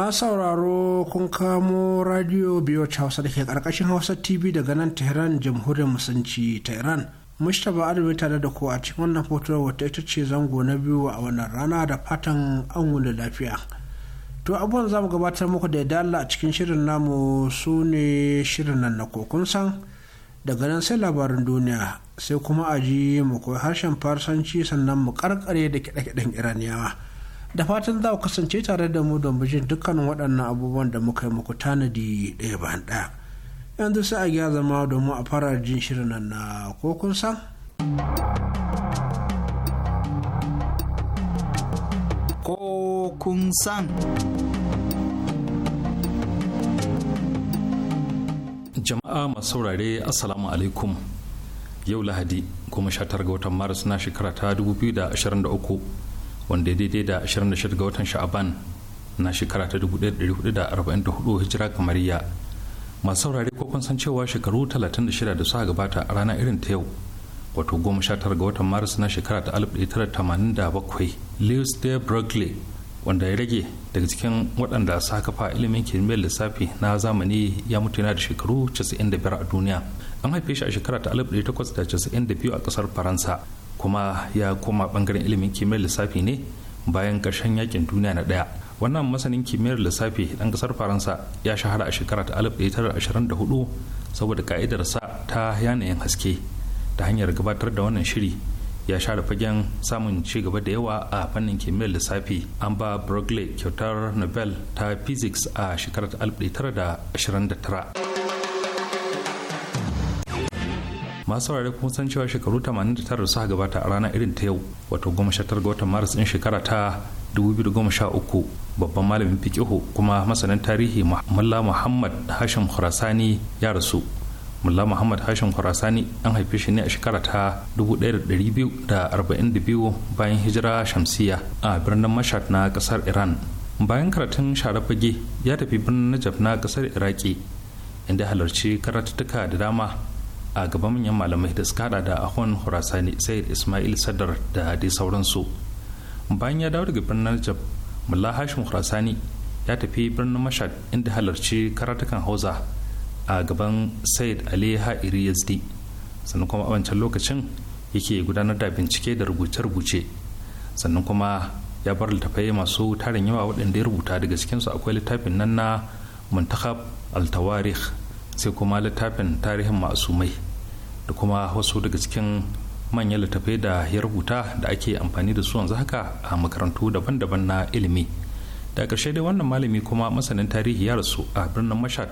ma sauraro kun kamo radio biyoci hausa da ke karkashin hausa tv daga nan tehran jamhuriyar musulunci ta iran mustapha alibi tare da ku a cikin wannan hoto wata ita ce zango na biyu a wannan rana da fatan an wuli lafiya to abubuwan za mu gabatar muku da dala a cikin shirin namu su ne shirin nan na kokun san daga nan sai labarin duniya sai kuma a ji mu koyi harshen farsanci sannan mu karkare da kiɗe-kiɗen iraniyawa da fatan za ku kasance tare da mu don bijin dukkanin waɗannan abubuwan da muka yi muku tanadi ɗaya bayan ɗaya yanzu sai a gya zama domin a fara jin shirin nan na ko kun san ko kun san jama'a masu saurare assalamu alaikum yau lahadi 19 ga watan maris na shekara ta 2023 wanda daidai da 26 ga watan sha'aban na shekara ta 1444 hijira kamariya masu saurare ko kun san cewa shekaru 36 da suka gabata a ranar irin ta yau wato 19 ga watan maris na shekara ta 1987 lewis de berkeley wanda ya rage daga cikin waɗanda sa kafa ilimin kimiyyar lissafi na zamani ya mutu yana da shekaru 95 a duniya an haife shi a shekara ta 1892 a ƙasar faransa kuma ya koma bangaren ilimin kimiyyar lissafi ne bayan ƙarshen yakin duniya na ɗaya wannan masanin kimiyyar lissafi ɗan ƙasar faransa ya shahara a shekara ta 1924 saboda ka'idarsa ta yanayin haske ta hanyar gabatar da wannan shiri ya share fagen samun ci gaba da yawa a fannin kimiyyar lissafi an ba Berkeley kyautar Nobel ta physics a shekarar 1929. masu saurare kuma san cewa shekaru 89 suka gabata a ranar irin ta yau wato 19 ga watan maris din shekara ta 2013 babban malamin fikihu kuma masanin tarihi mulla muhammad hashim khurasani ya rasu mulla muhammad hashim khurasani an haife shi ne a shekara ta 1242 bayan hijira shamsiya a birnin mashat na kasar iran bayan karatun sharafage ya tafi birnin najaf na kasar iraki inda halarci karatuttuka da dama a gaban manyan malamai da suka hada da ahon horasani said ismail sadar da dai sauransu bayan ya dawo daga birnin najab mullah hashim horasani ya tafi birnin mashad inda halarci karatukan hausa a gaban said ali ha'iri yazdi sannan kuma a wancan lokacin yake gudanar da bincike da rubuce-rubuce sannan kuma ya bar littafai masu tarin yawa waɗanda ya rubuta daga cikinsu akwai littafin nan na muntakab al sai kuma littafin tarihin mai da kuma wasu daga cikin manyan littafai da ya rubuta da ake amfani da su yanzu haka a makarantu daban-daban na ilimi da ƙarshe dai wannan malami kuma masanin tarihi ya rasu a birnin mashad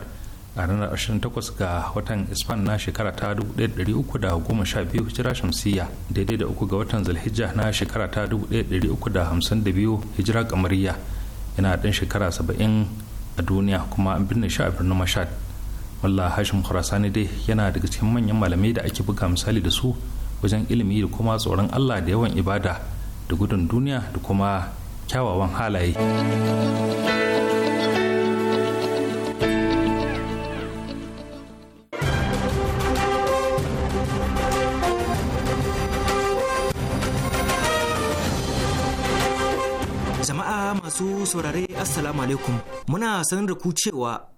a ranar 28 ga watan ispan na shekara ta 1312 hijira shamsiyya daidai da uku ga watan zalhijja na shekara ta 1352 hijira kamariya yana ɗan shekara 70 a duniya kuma an binne shi a birnin mashad walla hashim khurasani dai yana daga cikin manyan malamai da ake buga misali da su wajen ilimi da kuma tsoron allah da yawan ibada da gudun duniya da kuma kyawawan halaye jama'a masu saurare assalamu alaikum muna sanar da ku cewa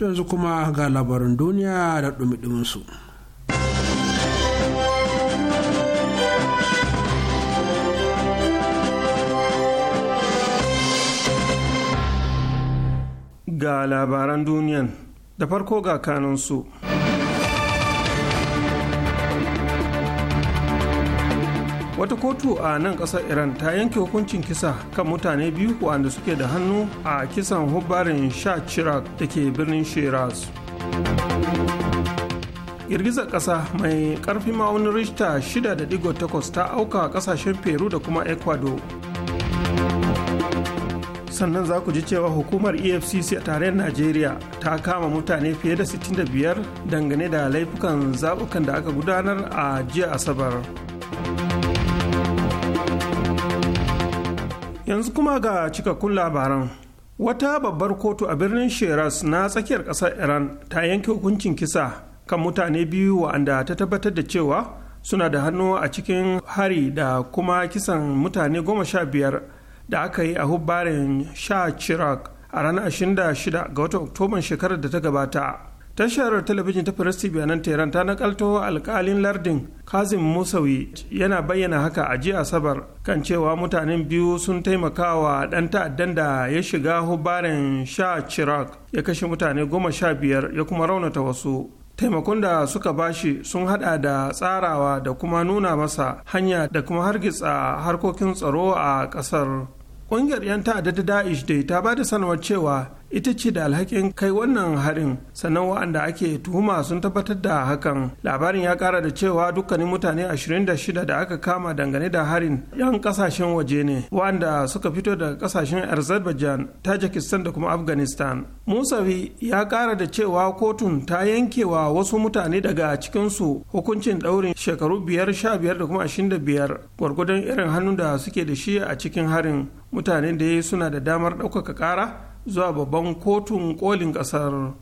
To yanzu kuma ga labarin duniya da ɗumi su. Ga labaran duniyan da farko ga kanin kanunsu. wata kotu a nan kasar iran ta yanke hukuncin kisa kan mutane biyu wanda suke da hannu a kisan hubbarin sha chirag da ke birnin shiraz girgizar kasa mai karfi ma'aunin rishta 6.8 ta auka kasashen peru da kuma ecuador sannan za ku ji cewa hukumar efcc a tarayyar najeriya ta kama mutane fiye da 65 dangane da laifukan zabukan da aka gudanar a jiya asabar. yanzu kuma ga cikakkun labaran wata babbar kotu a birnin sheras na tsakiyar ƙasar iran ta yanke hukuncin kisa kan mutane biyu wa'anda ta tabbatar da cewa suna da hannu a cikin hari da kuma kisan mutane goma sha biyar da aka yi a hubbarin sha chirag a ranar 26 ga watan oktoban shekarar da ta gabata tashar talabijin ta firas tv a nan ta nakalto alkalin lardin kazim musawi yana bayyana haka a jiya asabar kan cewa mutanen biyu sun taimaka wa ɗan ta'addan da ya shiga hubarin sha chirac ya kashe mutane goma sha biyar ya kuma raunata wasu taimakon da suka bashi sun hada da tsarawa da kuma nuna masa hanya da kuma hargitsa harkokin tsaro a kasar. ƙungiyar 'yan ta'adda ta da'ish dai ta ba da sanarwar cewa ita ce da alhakin kai wannan harin sannan wa'anda ake tuhuma sun tabbatar da hakan labarin ya kara da cewa dukkanin mutane 26 da aka kama dangane da harin yan kasashen waje ne wa'anda suka fito daga kasashen azerbaijan tajikistan da kuma afghanistan musawi ya kara da cewa kotun ta yankewa wasu mutane daga cikinsu hukuncin daurin shekaru biyar sha biyar da kuma ashirin gwargwadon irin hannun da suke da shi a cikin harin mutanen da ya yi suna da damar ɗaukaka ƙara zuwa babban kotun kolin ƙasar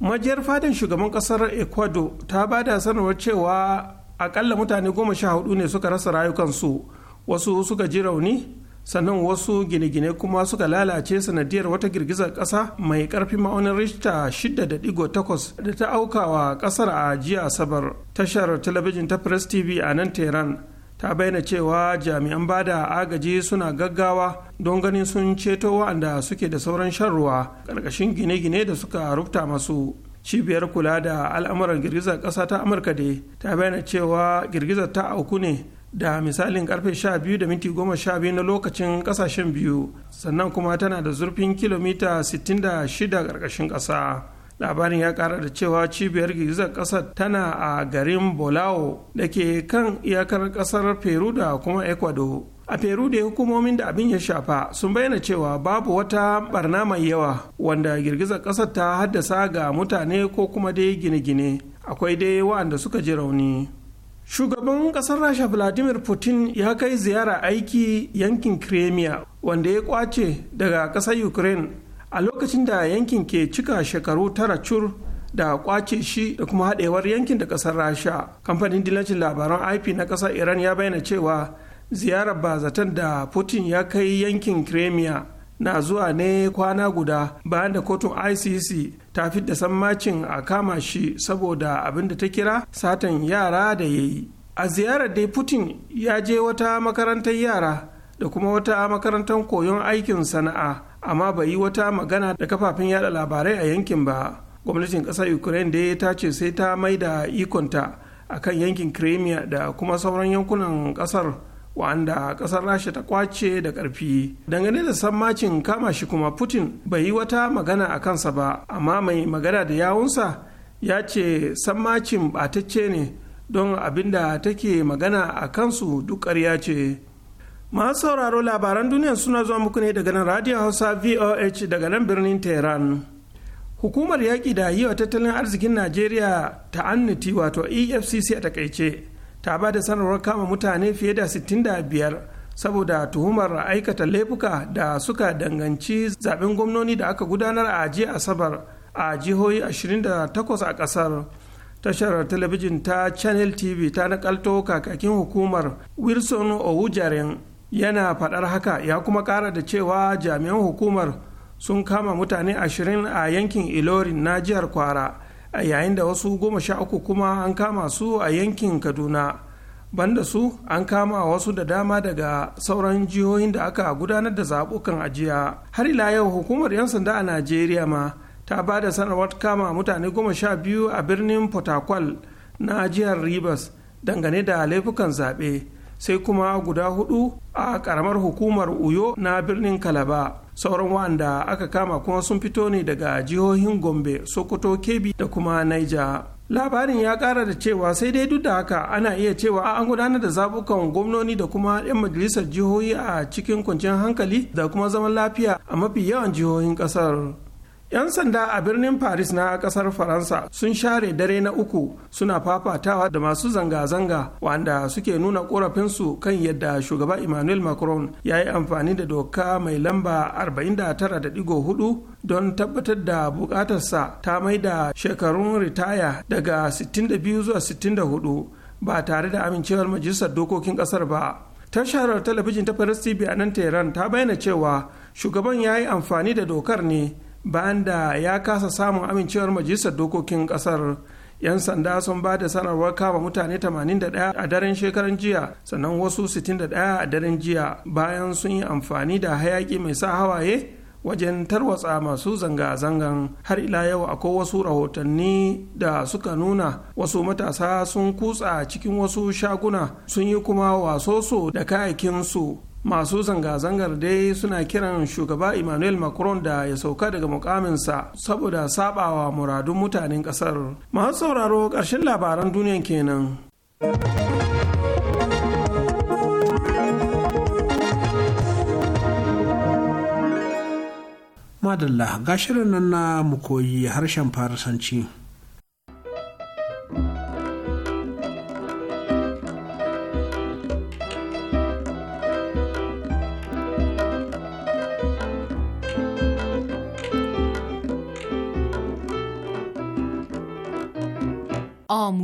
majiyar fadin shugaban ƙasar ecuador ta ba da sanarwar cewa aƙalla mutane goma sha hudu ne suka rasa rayukansu wasu suka ji rauni sannan wasu gine-gine kuma suka lalace sanadiyar wata girgizar ƙasa mai ƙarfi ma'aunin rishta 6.8 da ta aukawa ƙasar a jiya asabar tashar talabijin ta press tv a nan tehran ta bayyana cewa jami'an bada agaji suna gaggawa don ganin sun ceto wa'anda suke da sauran shan ruwa ƙarƙashin gine-gine da suka rufta masu cibiyar kula da al'amuran girgizar ƙasa ta amurka dai ta bayyana cewa girgizar ta auku ne da misalin karfe 12 da minti 12 na lokacin kasashen biyu sannan kuma tana da zurfin kilomita 66 karkashin ƙasa labarin ya kara da cewa cibiyar girgizar kasar tana a garin bolao da ke kan iyakar kasar peru da kuma ecuador a peru da hukumomin da abin ya shafa sun bayyana cewa babu wata barna mai yawa wanda girgizar kasar ta haddasa ga mutane ko kuma dai gine-gine akwai dai wa'anda suka ji rauni shugaban kasar rasha vladimir putin ya kai ziyara aiki yankin kremia wanda ya kwace daga kasar ukraine a lokacin da yankin ke cika shekaru tara cur da kwace shi da kuma haɗewar yankin da ƙasar rasha kamfanin dilancin labaran ip na ƙasar iran ya bayyana cewa ziyarar bazatan da putin ya kai yankin kremia na zuwa ne kwana guda bayan da kotun icc ta fi da sammacin a kama shi saboda abin da ta kira satan yara da ya yi a ziyarar dai putin ya je wata makarantar yara da kuma wata makarantar koyon aikin sana'a amma bai yi wata magana da kafafen yada labarai a yankin ba gwamnatin ƙasar ukraine da ta ce sai ta mai da ikonta a kan yankin crimea da kuma sauran yankunan ƙasar wa'anda ƙasar rasha ta kwace da ƙarfi dangane da sammacin kama shi kuma putin bai yi wata magana a kansa ba amma mai magana da yawunsa ya ce sammacin batacce ne don abin da take magana a kansu duk ƙarya ce masu sauraro labaran duniya suna zuwa muku ne daga nan radio hausa voh daga nan birnin tehran hukumar yaƙi da yi wa tattalin arzikin najeriya ta annuti wato efcc a takaice ta ba da sanarwar kama mutane fiye da 65 saboda tuhumar aikata laifuka da suka danganci zaben gwamnoni da aka gudanar a jiya asabar a jihohi 28 a kasar tashar talabijin ta channel tv ta nakalto kakakin hukumar wilson owujaren yana faɗar haka ya kuma ƙara da cewa jami'an hukumar sun kama mutane ashirin a yankin ilorin na jihar kwara a yayin da wasu goma sha uku kuma an kama su a yankin kaduna banda su an kama wasu da dama daga sauran jihohin da aka gudanar da zaɓukan ajiya har ila yau hukumar 'yan sanda a najeriya ma ta ba da sanarwar kama mutane goma sha biyu a birnin port na jihar rivers dangane da laifukan zaɓe sai kuma guda hudu a karamar hukumar uyo na birnin kalaba sauran wanda aka kama kuma sun fito ne daga jihohin gombe sokoto kebbi da kuma naija labarin ya kara da cewa sai dai duk da haka ana iya cewa an gudanar da zabukan gwamnoni da kuma 'yan majalisar jihohi a cikin kwanciyar hankali da kuma zaman lafiya a mafi yawan jihohin kasar 'Yan sanda a birnin Paris na kasar Faransa sun share dare na uku suna fafatawa da masu zanga-zanga wanda suke nuna korafinsu kan yadda shugaba Emmanuel Macron ya yi amfani da doka mai lamba 49.4 don tabbatar da bukatarsa ta mai da shekarun ritaya daga 62 zuwa 64 ba tare da amincewar majalisar dokokin kasar ba. Tashar talabijin ta Paris TV a nan Tehran ta bayyana cewa shugaban ya yi amfani da dokar ne. bayan da ya kasa samun amincewar majalisar dokokin kasar yan sanda sun ba da sanarwar kama mutane 81 a daren shekaran jiya sannan wasu 61 a daren jiya bayan sun yi amfani da hayaki mai sa hawaye wajen tarwatsa masu zanga-zangan har ila yau akwai wasu rahotanni da suka nuna wasu matasa sun kutsa cikin wasu shaguna sun yi kuma wasoso da kayakinsu masu zanga-zangar dai suna kiran shugaba emmanuel macron da ya sauka daga mukaminsa saboda sabawa muradun mutanen kasar masu sauraro ƙarshen labaran duniyan kenan madalla gashirin nan na mukoyi harshen farisanci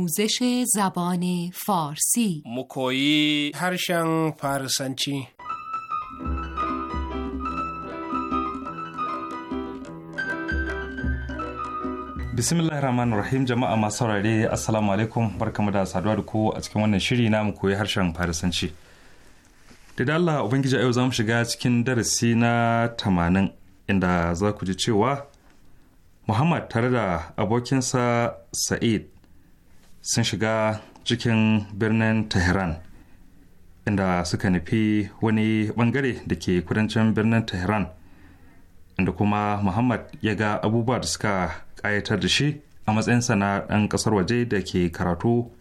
آموزش زبان فارسی harshen هرشن فارسنچی bismillahir rahmanir rahim jama'a masu saurare assalamu alaikum barkamu da saduwa da ku a cikin wannan shiri na mu koyi harshen farisanci da Allah ubangiji yau za mu shiga cikin darasi na tamanin inda za ku ji cewa muhammad tare da abokinsa sa'id sun shiga cikin birnin tehran inda suka nufi wani bangare da ke kudancin birnin tehran inda kuma muhammad ya ga abubuwa da suka ƙayatar da shi a matsayinsa na ɗan ƙasar waje da ke karatu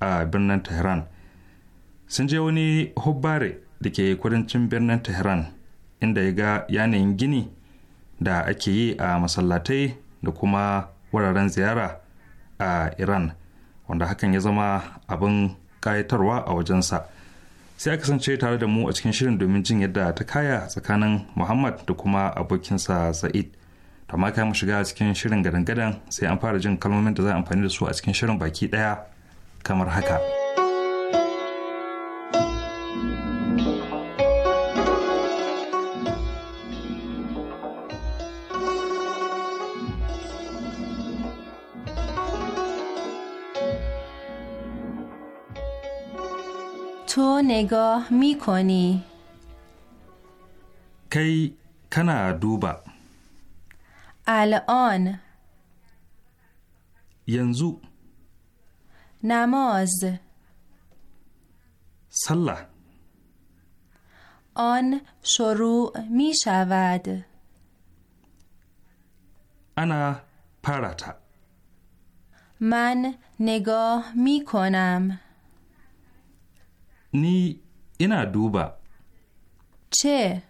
a birnin tehran sun je wani hubbare da ke kudancin birnin tehran inda ya ga yanayin gini da ake yi a masallatai da kuma wuraren ziyara a iran wanda hakan ya zama abin kayatarwa a wajensa sai a kasance tare da mu a cikin shirin domin jin yadda ta kaya tsakanin muhammad da kuma abokinsa sa'id to ma kai mu shiga cikin shirin gadan-gadan sai an fara jin kalmomin da za a amfani da su a cikin shirin baki ɗaya kamar haka. تو نگاه می کنی کی کنا دوبا الان ینزو نماز سله آن شروع می شود انا پرتا من نگاه می کنم Ni ina duba. Ce.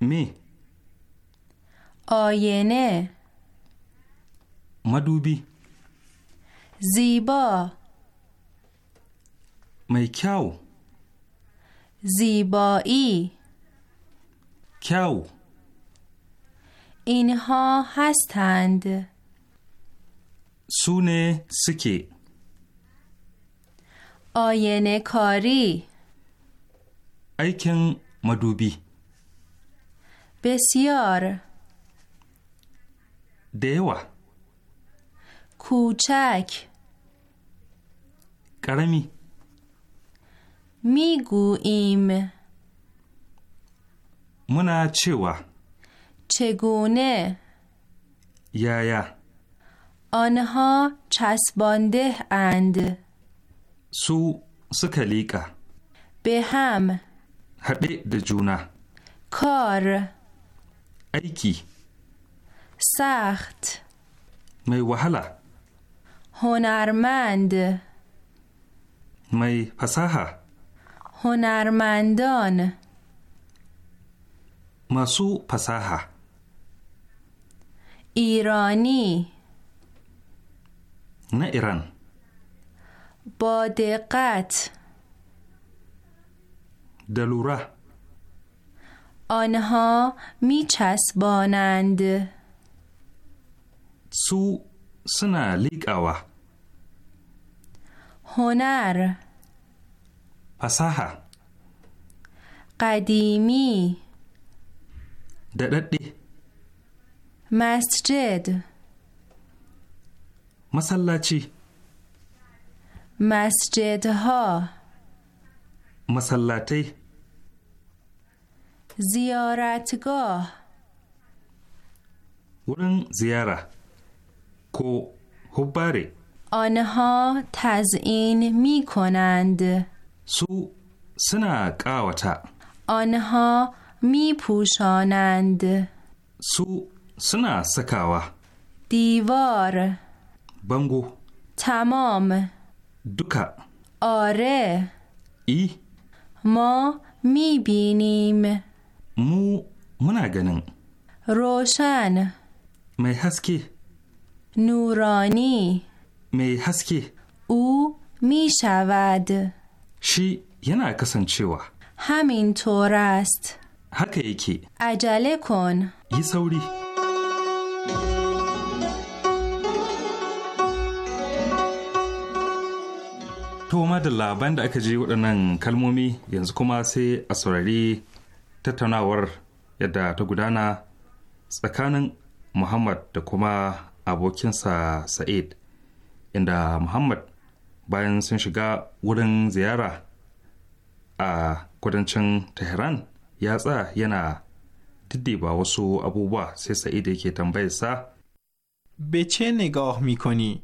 Me. Oyene. Oh, Madubi. Ziba. Mai kyau. Ziba'i. Kyau. اینها هستند Sune suke. آینه کاری ایکن مدوبی بسیار دیوا کوچک کرمی میگوییم منا چوا چگونه یا یا آنها چسبانده اند su suka liƙa. Beham. Haɗe da juna. Kor. Aiki. Saht. Mai wahala. Honarmand. Mai fasaha. Honarmandon. Masu fasaha. Irani. Na Iran. با دقت دلوره آنها می چسبانند سو سنا لیکاوا هنر فساحه قدیمی دددی مسجد مسلاچی مسجدها مسلاتی زیارتگاه ورن زیاره کو هباری آنها تزئین می کنند سو سنا قاوتا آنها می پوشانند سو سنا سکاوا دیوار بنگو تمام دوکا آره ای ما میبینیم مو منا گنن روشن می هسکی نورانی می هسکی او می شود شی ینا کسن چیوا همین طور است حکه یکی عجله کن یه سوری To madalla bayan da aka ji waɗannan kalmomi yanzu kuma sai a saurari tattaunawar yadda ta gudana tsakanin Muhammad da kuma abokinsa Sa'id inda Muhammad bayan sun shiga wurin ziyara a kudancin Tehran ya tsa yana ba wasu abubuwa sai Sa'id yake tambayarsa. bece ne ga mikono?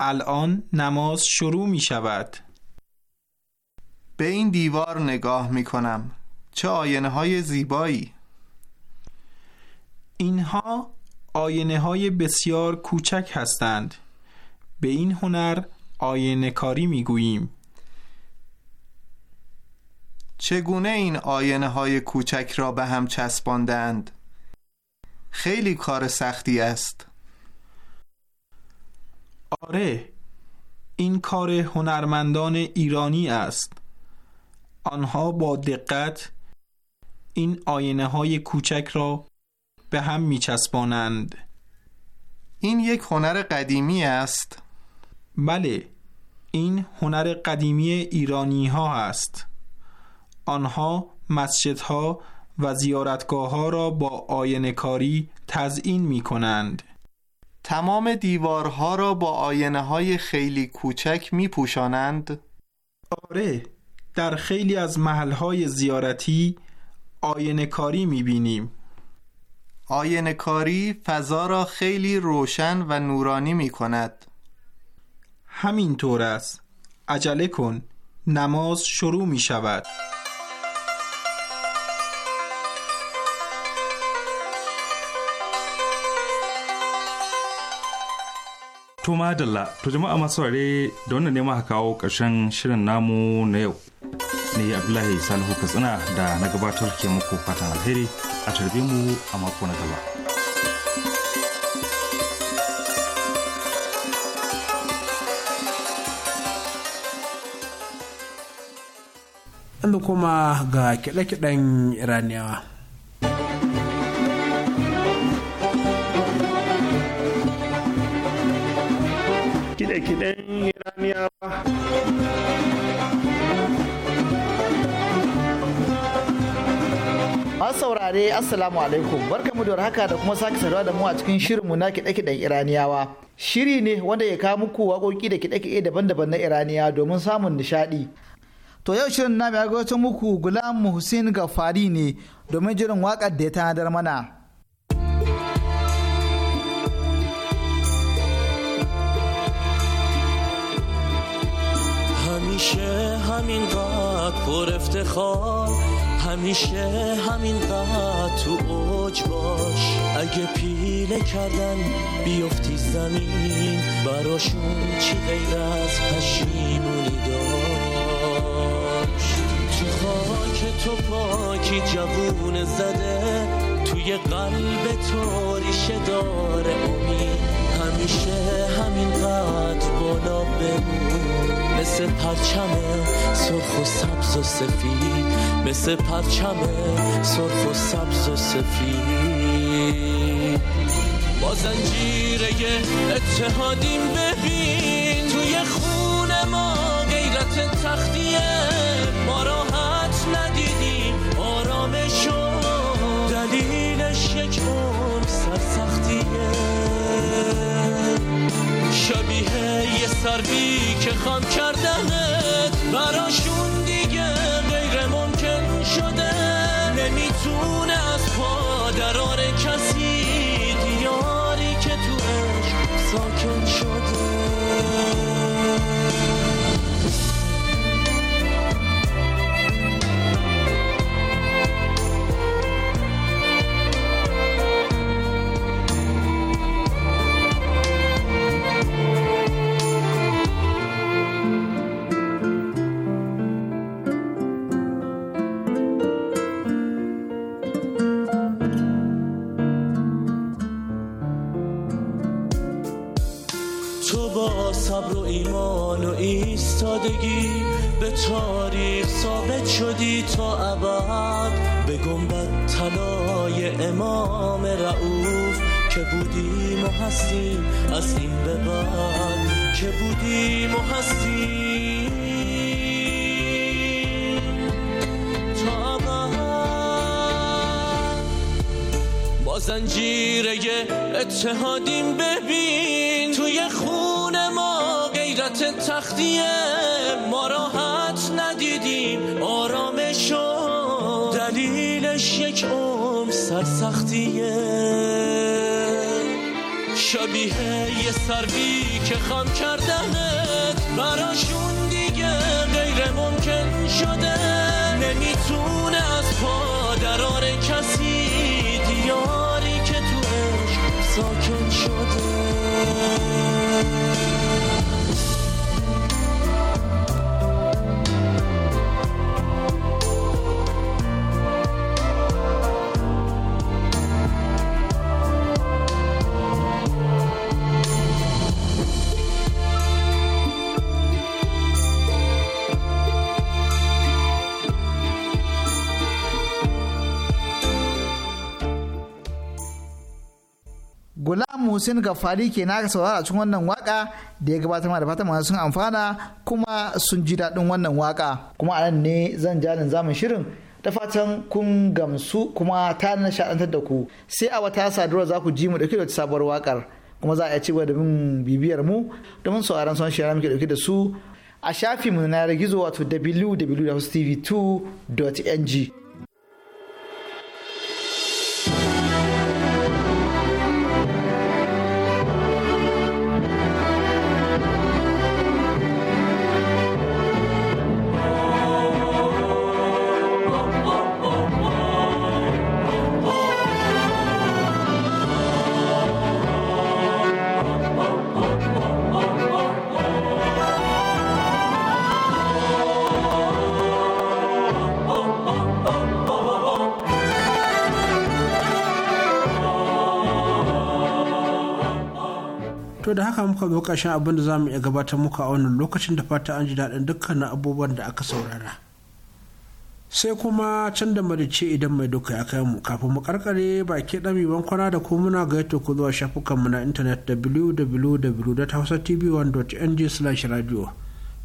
الان نماز شروع می شود به این دیوار نگاه می کنم چه آینه های زیبایی اینها آینه های بسیار کوچک هستند به این هنر آینه کاری می گوییم چگونه این آینه های کوچک را به هم چسباندند خیلی کار سختی است آره این کار هنرمندان ایرانی است آنها با دقت این آینه های کوچک را به هم می چسبانند. این یک هنر قدیمی است بله این هنر قدیمی ایرانی ها است آنها مسجدها و زیارتگاه ها را با آینه کاری تزئین می کنند تمام دیوارها را با آینه های خیلی کوچک می پوشانند؟ آره در خیلی از محلهای زیارتی آینه کاری می بینیم آینه فضا را خیلی روشن و نورانی می کند همینطور است عجله کن نماز شروع می شود To madalla, to jama'a masu ware da wannan ne maka kawo ƙarshen shirin namu na yau. Ni Abdullahi Salihu Katsina da na gabatar ke muku fatan alheri a tarbe mu a mako na gaba. kuma ga kiɗe-kiɗen iraniyawa kiɗe-kiɗen iraniyawa masu saurare assalamu alaikum barkamu da haka da kuma sake saduwa da mu a cikin shirinmu na kiɗe-kiɗen iraniyawa shiri ne wanda ya kawo muku waƙoƙi da kiɗe-kiɗe daban-daban na iraniya domin samun nishaɗi to yau shirin na mai gabatar muku gulam hussein gafari ne domin jirin waƙar da ya tanadar mana همیشه همین قد پر افتخار همیشه همین قد تو اوج باش اگه پیله کردن بیفتی زمین براشون چی غیر از پشیمونی داشت تو خاک تو پاکی جوون زده توی قلب تو ریشه داره امید همیشه همینقدر بالا بمون مثل پرچم سرخ و سبز و سفید مثل پرچم سرخ و سبز و سفید با زنجیره اتحادیم ببین توی خون ما غیرت تختیه شبیه یه سربی که خام کردنت براشون دیگه غیر ممکن شده نمیتونه بودیم و هستیم از این به بعد که بودیم و هستیم تا با زنجیره اتحادیم ببین توی خون ما غیرت تختیه ما راحت ندیدیم آرامشو دلیلش یک عمر سرسختیه شبیه یه سروی که خم کردنت براشون دیگه غیر ممکن شده نمیتونه از درار کسی دیاری که توش ساکن شده Musin Gafari ke na saurara cikin wannan waka da ya gabatar da fatan masu sun amfana kuma sun ji daɗin wannan waka kuma a nan ne zan jalin zamun shirin da fatan kun gamsu kuma ta nishaɗantar da ku sai a wata sadarwa za ku ji mu dauke da sabuwar wakar kuma za a iya cewa da min bibiyar mu domin sauraron son shi muke dauke da su a shafinmu na gizo wato www.tv2.ng. haka muka zo ƙarshen abin da za mu iya gabatar muka a wannan lokacin da fata an ji daɗin dukkanin abubuwan da aka saurara sai kuma can da marice idan mai duka ya kai mu kafin mu karkare baki ɗami bankwana da kuma muna ga ku zuwa mu na intanet www.hausatv1.ng/radio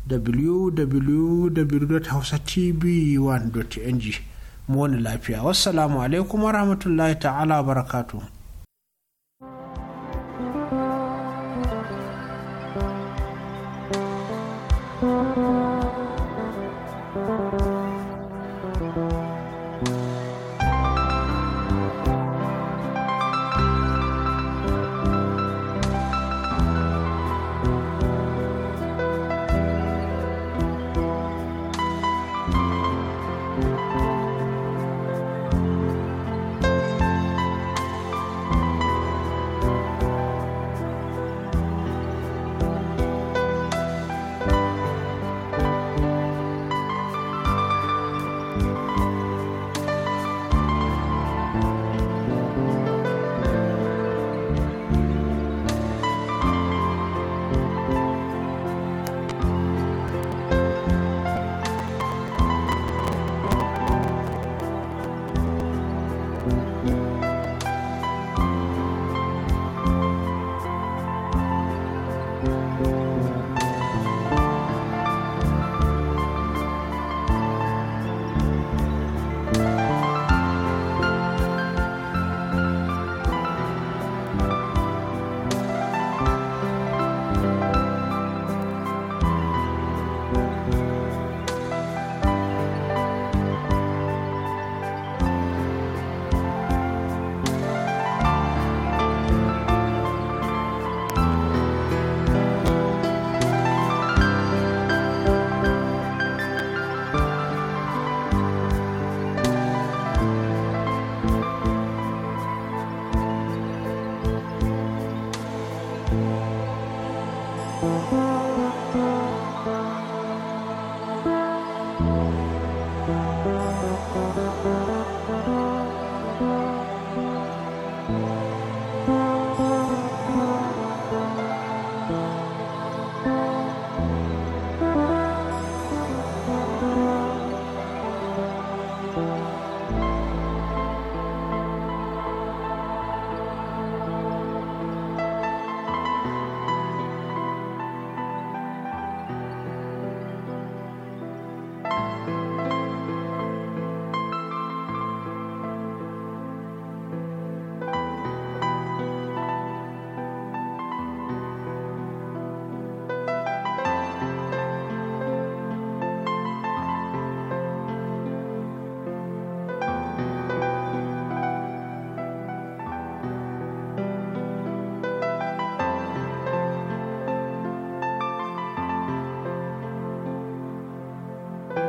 www.hausatv1.ng mu wani lafiya wassalamu alaikum warahmatullahi ta'ala barakatuhu